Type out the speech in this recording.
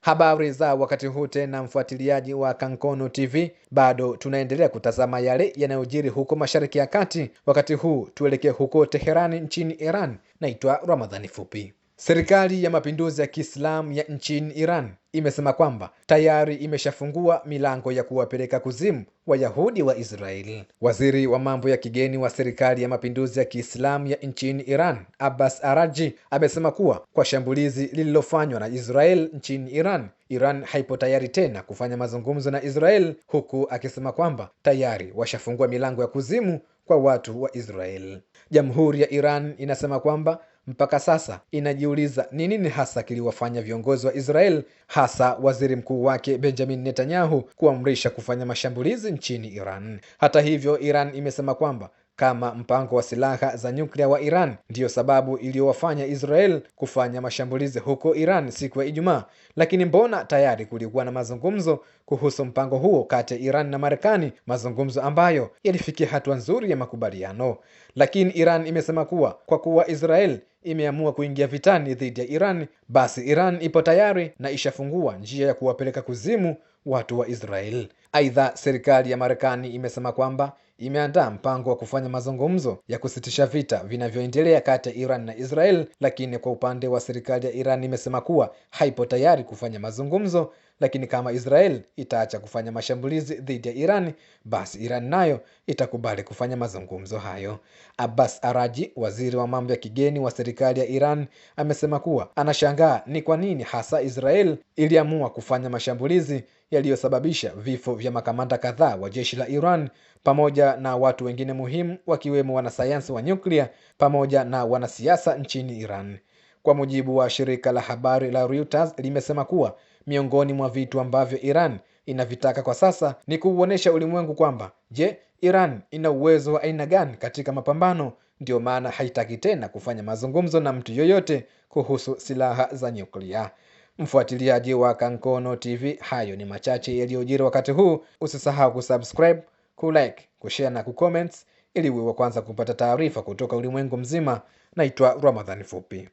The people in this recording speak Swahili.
Habari za wakati huu tena, mfuatiliaji wa Kankono TV, bado tunaendelea kutazama yale yanayojiri huko Mashariki ya Kati. Wakati huu tuelekee huko Teherani nchini Iran. Naitwa Ramadhani Fupi. Serikali ya Mapinduzi ya Kiislamu ya nchini Iran imesema kwamba tayari imeshafungua milango ya kuwapeleka kuzimu Wayahudi wa Israeli. Waziri wa mambo ya kigeni wa Serikali ya Mapinduzi ya Kiislamu ya nchini Iran, Abbas Araji, amesema kuwa kwa shambulizi lililofanywa na Israel nchini Iran, Iran haipo tayari tena kufanya mazungumzo na Israel, huku akisema kwamba tayari washafungua milango ya kuzimu kwa watu wa Israel. Jamhuri ya Iran inasema kwamba mpaka sasa inajiuliza ni nini hasa kiliwafanya viongozi wa Israel hasa waziri mkuu wake Benjamin Netanyahu kuamrisha kufanya mashambulizi nchini Iran. Hata hivyo, Iran imesema kwamba kama mpango wa silaha za nyuklia wa Iran ndiyo sababu iliyowafanya Israel kufanya mashambulizi huko Iran siku ya Ijumaa. Lakini mbona tayari kulikuwa na mazungumzo kuhusu mpango huo kati ya Iran na Marekani, mazungumzo ambayo yalifikia hatua nzuri ya makubaliano. Lakini Iran imesema kuwa kwa kuwa Israel imeamua kuingia vitani dhidi ya Iran, basi Iran ipo tayari na ishafungua njia ya kuwapeleka kuzimu watu wa Israel. Aidha, serikali ya Marekani imesema kwamba imeandaa mpango wa kufanya mazungumzo ya kusitisha vita vinavyoendelea kati ya Iran na Israel, lakini kwa upande wa serikali ya Iran imesema kuwa haipo tayari kufanya mazungumzo, lakini kama Israel itaacha kufanya mashambulizi dhidi ya Iran, basi Iran nayo itakubali kufanya mazungumzo hayo. Abbas Araji, waziri wa mambo ya kigeni wa serikali serikali ya Iran amesema kuwa anashangaa ni kwa nini hasa Israel iliamua kufanya mashambulizi yaliyosababisha vifo vya makamanda kadhaa wa jeshi la Iran pamoja na watu wengine muhimu wakiwemo wanasayansi wa nyuklia pamoja na wanasiasa nchini Iran. Kwa mujibu wa shirika la habari la Reuters limesema kuwa miongoni mwa vitu ambavyo Iran inavitaka kwa sasa ni kuuonesha ulimwengu kwamba je, Iran ina uwezo wa aina gani katika mapambano ndio maana haitaki tena kufanya mazungumzo na mtu yoyote kuhusu silaha za nyuklia. Mfuatiliaji wa Kankono TV, hayo ni machache yaliyojiri wakati huu. Usisahau kusubscribe, kulike, kushare na kucomment ili uwe wa kwanza kupata taarifa kutoka ulimwengu mzima. Naitwa Ramadhani Fupi.